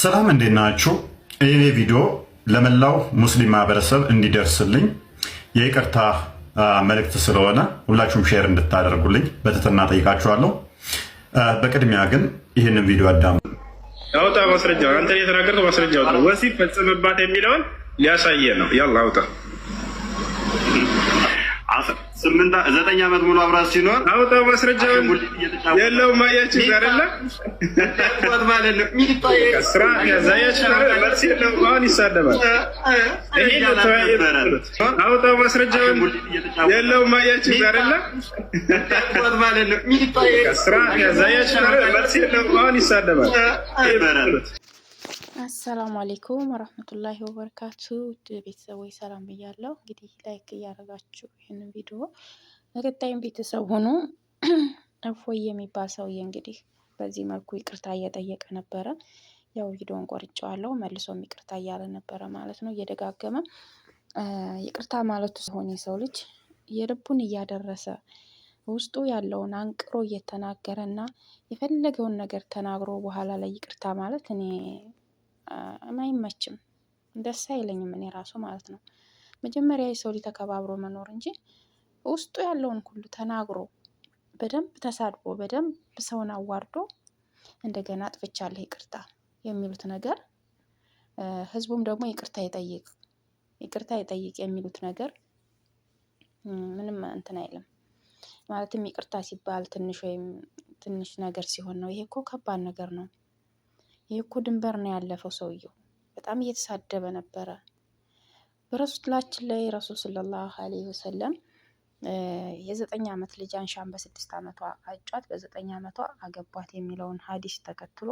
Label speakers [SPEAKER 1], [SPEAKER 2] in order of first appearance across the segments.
[SPEAKER 1] ሰላም እንዴት ናችሁ? ይህ ቪዲዮ ለመላው ሙስሊም ማህበረሰብ እንዲደርስልኝ የይቅርታ መልእክት ስለሆነ ሁላችሁም ሼር እንድታደርጉልኝ በትህትና ጠይቃችኋለሁ። በቅድሚያ ግን ይህንን ቪዲዮ አዳም
[SPEAKER 2] አውጣ፣ ማስረጃ አንተ የተናገርከው ማስረጃ ወሲብ ፈጽምባት የሚለውን ሊያሳየ ነው። ያላ አውጣ ስምንት ዘጠኝ ዓመት ሙሉ አብራት ሲኖር አውጣ ማስረጃ የለውም። አያችሁ አይደለ አሁን ይሳደባል። አውጣ ማስረጃ የለውም። አያችሁ አይደለ አሁን ይሳደባል።
[SPEAKER 3] አሰላሙ አሌይኩም ወረህመቱላሂ ወበረካቱ ውድ ቤተሰቦች ሰላም ብያለሁ። እንግዲህ ላይክ እያደረጋችሁ ይህንን ቪዲዮ በቀጣይም ቤተሰብ ሆኖ እፎይ የሚባል ሰውዬ እንግዲህ በዚህ መልኩ ይቅርታ እየጠየቀ ነበረ። ያው ቪዲዮን ቆርጬዋለሁ። መልሶም ይቅርታ እያለ ነበረ ማለት ነው፣ እየደጋገመ ይቅርታ ማለቱ ሲሆን የሰው ልጅ የልቡን እያደረሰ ውስጡ ያለውን አንቅሮ እየተናገረ እና የፈለገውን ነገር ተናግሮ በኋላ ላይ ይቅርታ ማለት እኔ አይመችም፣ ደስ አይለኝም እኔ ራሱ ማለት ነው። መጀመሪያ የሰው ልጅ ተከባብሮ መኖር እንጂ ውስጡ ያለውን ሁሉ ተናግሮ በደንብ ተሳድቦ በደንብ ሰውን አዋርዶ እንደገና አጥፍቻለሁ ይቅርታ የሚሉት ነገር ህዝቡም ደግሞ ይቅርታ ይጠይቅ ይቅርታ ይጠይቅ የሚሉት ነገር ምንም እንትን አይልም። ማለትም ይቅርታ ሲባል ትንሽ ወይም ትንሽ ነገር ሲሆን ነው። ይሄ እኮ ከባድ ነገር ነው። ይህ እኮ ድንበር ነው ያለፈው ሰውየው። በጣም እየተሳደበ ነበረ። በረሱላችን ላይ ረሱል ሰለላሁ አለይሂ ወሰለም የዘጠኝ ዓመት ልጅ አንሻን በስድስት ዓመቷ አጯት፣ በዘጠኝ ዓመቷ አገቧት የሚለውን ሀዲስ ተከትሎ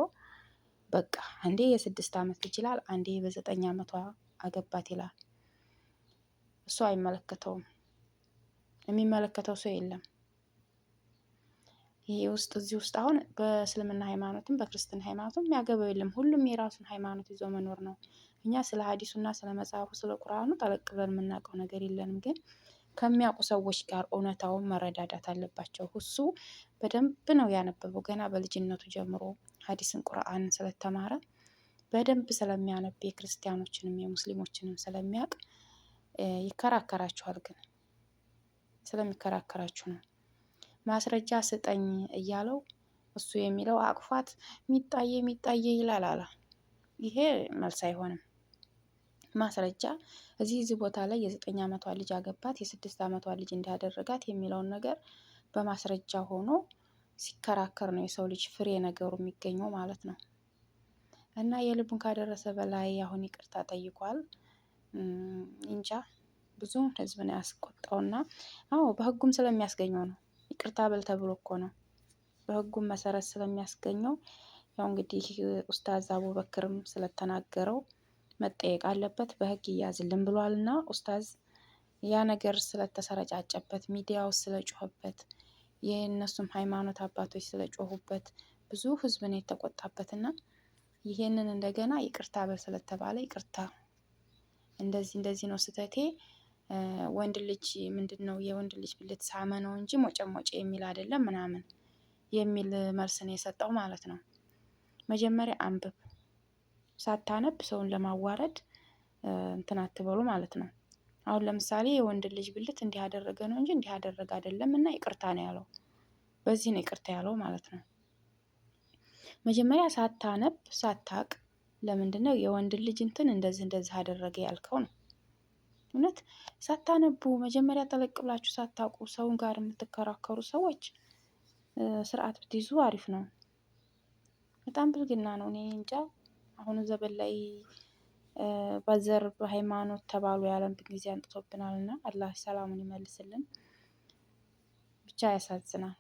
[SPEAKER 3] በቃ አንዴ የስድስት ዓመት ልጅ ይላል፣ አንዴ በዘጠኝ ዓመቷ አገባት ይላል። እሱ አይመለከተውም። የሚመለከተው ሰው የለም። ይሄ ውስጥ እዚህ ውስጥ አሁን በእስልምና ሃይማኖትም በክርስትና ሃይማኖትም የሚያገባው የለም። ሁሉም የራሱን ሃይማኖት ይዞ መኖር ነው። እኛ ስለ ሀዲሱና ስለ መጽሐፉ ስለ ቁርአኑ ጠለቅ ብለን የምናውቀው ነገር የለንም። ግን ከሚያውቁ ሰዎች ጋር እውነታውን መረዳዳት አለባቸው። እሱ በደንብ ነው ያነበበው። ገና በልጅነቱ ጀምሮ ሀዲስን ቁርአንን ስለተማረ በደንብ ስለሚያነብ የክርስቲያኖችንም የሙስሊሞችንም ስለሚያውቅ ይከራከራችኋል። ግን ስለሚከራከራችሁ ነው። ማስረጃ ስጠኝ እያለው እሱ የሚለው አቅፏት ሚጣዬ ሚጣዬ ይላል አለ። ይሄ መልስ አይሆንም። ማስረጃ እዚህ እዚህ ቦታ ላይ የዘጠኝ ዓመቷ ልጅ አገባት የስድስት ዓመቷ ልጅ እንዳደረጋት የሚለውን ነገር በማስረጃ ሆኖ ሲከራከር ነው የሰው ልጅ ፍሬ ነገሩ የሚገኘው ማለት ነው። እና የልቡን ካደረሰ በላይ አሁን ይቅርታ ጠይቋል። እንጃ ብዙ ህዝብን ያስቆጣውና አዎ በህጉም ስለሚያስገኘው ነው። ይቅርታ በል ተብሎ እኮ ነው በህጉም መሰረት ስለሚያስገኘው ያው እንግዲህ ኡስታዝ አቡበክርም ስለተናገረው መጠየቅ አለበት በህግ ይያዝልን ብሏል። እና ኡስታዝ ያ ነገር ስለተሰረጫጨበት ሚዲያው ስለጮኸበት የእነሱም ሃይማኖት አባቶች ስለጮሁበት ብዙ ህዝብ ነው የተቆጣበት። እንደገና ይቅርታ በል ስለተባለ ይቅርታ እንደዚህ እንደዚህ ነው ስተቴ ወንድ ልጅ ምንድን ነው የወንድ ልጅ ብልት ሳመ ነው እንጂ ሞጨ ሞጨ የሚል አይደለም ምናምን የሚል መልስ ነው የሰጠው ማለት ነው። መጀመሪያ አንብብ፣ ሳታነብ ሰውን ለማዋረድ እንትን አትበሉ ማለት ነው። አሁን ለምሳሌ የወንድ ልጅ ብልት እንዲህ ያደረገ ነው እንጂ እንዲህ ያደረገ አይደለም እና ይቅርታ ነው ያለው። በዚህ ነው ይቅርታ ያለው ማለት ነው። መጀመሪያ ሳታነብ ሳታቅ ለምንድን ነው የወንድ ልጅ እንትን እንደዚህ እንደዚህ አደረገ ያልከው ነው። እውነት ሳታነቡ መጀመሪያ ጠለቅ ብላችሁ ሳታውቁ ሰውን ጋር የምትከራከሩ ሰዎች ስርዓት ብትይዙ አሪፍ ነው። በጣም ብልግና ነው። እኔ እንጃ አሁን ዘበን ላይ በዘር በሃይማኖት ተባሉ ያለንበት ጊዜ አንጥቶብናል እና አላህ ሰላሙን ይመልስልን። ብቻ ያሳዝናል።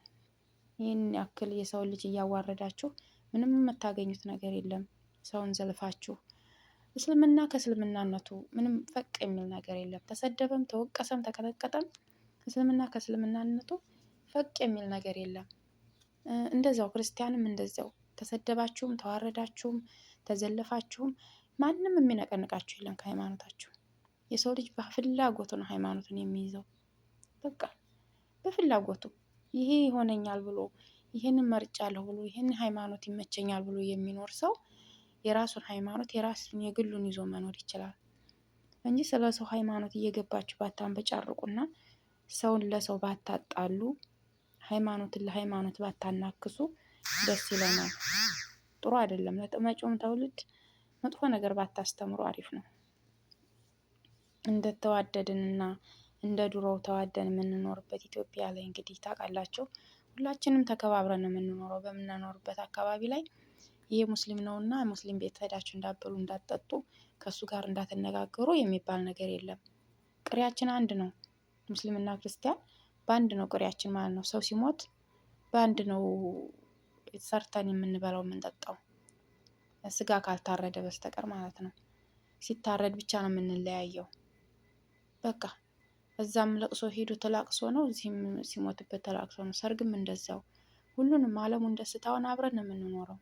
[SPEAKER 3] ይህን ያክል የሰውን ልጅ እያዋረዳችሁ ምንም የምታገኙት ነገር የለም። ሰውን ዘልፋችሁ እስልምና ከእስልምናነቱ ምንም ፈቅ የሚል ነገር የለም። ተሰደበም፣ ተወቀሰም፣ ተቀጠቀጠም እስልምና ከእስልምናነቱ ፈቅ የሚል ነገር የለም። እንደዛው ክርስቲያንም እንደዛው ተሰደባችሁም፣ ተዋረዳችሁም፣ ተዘለፋችሁም ማንም የሚነቀንቃችሁ የለም ከሃይማኖታችሁ። የሰው ልጅ በፍላጎቱ ነው ሃይማኖትን የሚይዘው። በቃ በፍላጎቱ ይሄ ይሆነኛል ብሎ ይህንን መርጫለሁ ብሎ ይህን ሃይማኖት ይመቸኛል ብሎ የሚኖር ሰው የራሱን ሃይማኖት የራሱን የግሉን ይዞ መኖር ይችላል እንጂ ስለ ሰው ሃይማኖት እየገባችሁ ባታንበጫርቁና ሰውን ለሰው ባታጣሉ ሃይማኖትን ለሃይማኖት ባታናክሱ ደስ ይለናል። ጥሩ አይደለም። ለመጪውም ትውልድ መጥፎ ነገር ባታስተምሩ አሪፍ ነው። እንደተዋደድንና እንደ ድሮው ተዋደን የምንኖርበት ኢትዮጵያ ላይ እንግዲህ ታውቃላችሁ፣ ሁላችንም ተከባብረን የምንኖረው በምንኖርበት አካባቢ ላይ ይሄ ሙስሊም ነው እና ሙስሊም ቤት ሄዳችሁ እንዳበሉ እንዳትጠጡ ከእሱ ጋር እንዳትነጋገሩ የሚባል ነገር የለም። ቅሪያችን አንድ ነው። ሙስሊምና ክርስቲያን በአንድ ነው ቅሪያችን ማለት ነው። ሰው ሲሞት በአንድ ነው ሰርተን የምንበላው የምንጠጣው፣ ስጋ ካልታረደ በስተቀር ማለት ነው። ሲታረድ ብቻ ነው የምንለያየው። በቃ እዛም ለቅሶ ሄዱ ተላቅሶ ነው፣ እዚህም ሲሞትበት ተላቅሶ ነው። ሰርግም እንደዛው ሁሉንም አለሙን ደስታውን አብረን ነው የምንኖረው።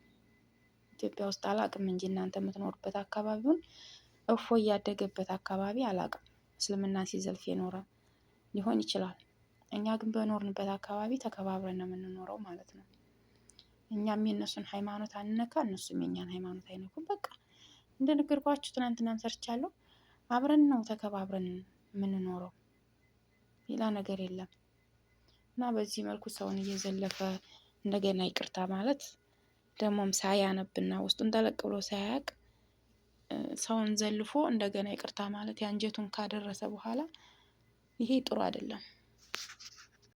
[SPEAKER 3] ኢትዮጵያ ውስጥ አላቅም እንጂ እናንተ የምትኖሩበት አካባቢውን እፎ እያደገበት አካባቢ አላቅም እስልምና ሲዘልፍ የኖረ ሊሆን ይችላል። እኛ ግን በኖርንበት አካባቢ ተከባብረን ነው የምንኖረው ማለት ነው። እኛም የእነሱን ሃይማኖት አንነካ፣ እነሱም የእኛን ሃይማኖት አይነኩም። በቃ እንደነገርኳችሁ ትናንትናም ሰርቻለሁ። አብረን ነው ተከባብረን የምንኖረው ሌላ ነገር የለም። እና በዚህ መልኩ ሰውን እየዘለፈ እንደገና ይቅርታ ማለት ደግሞም ሳያነብና ውስጡን ጠለቅ ብሎ ሳያቅ ሰውን ዘልፎ እንደገና ይቅርታ ማለት የአንጀቱን ካደረሰ በኋላ ይሄ ጥሩ አይደለም።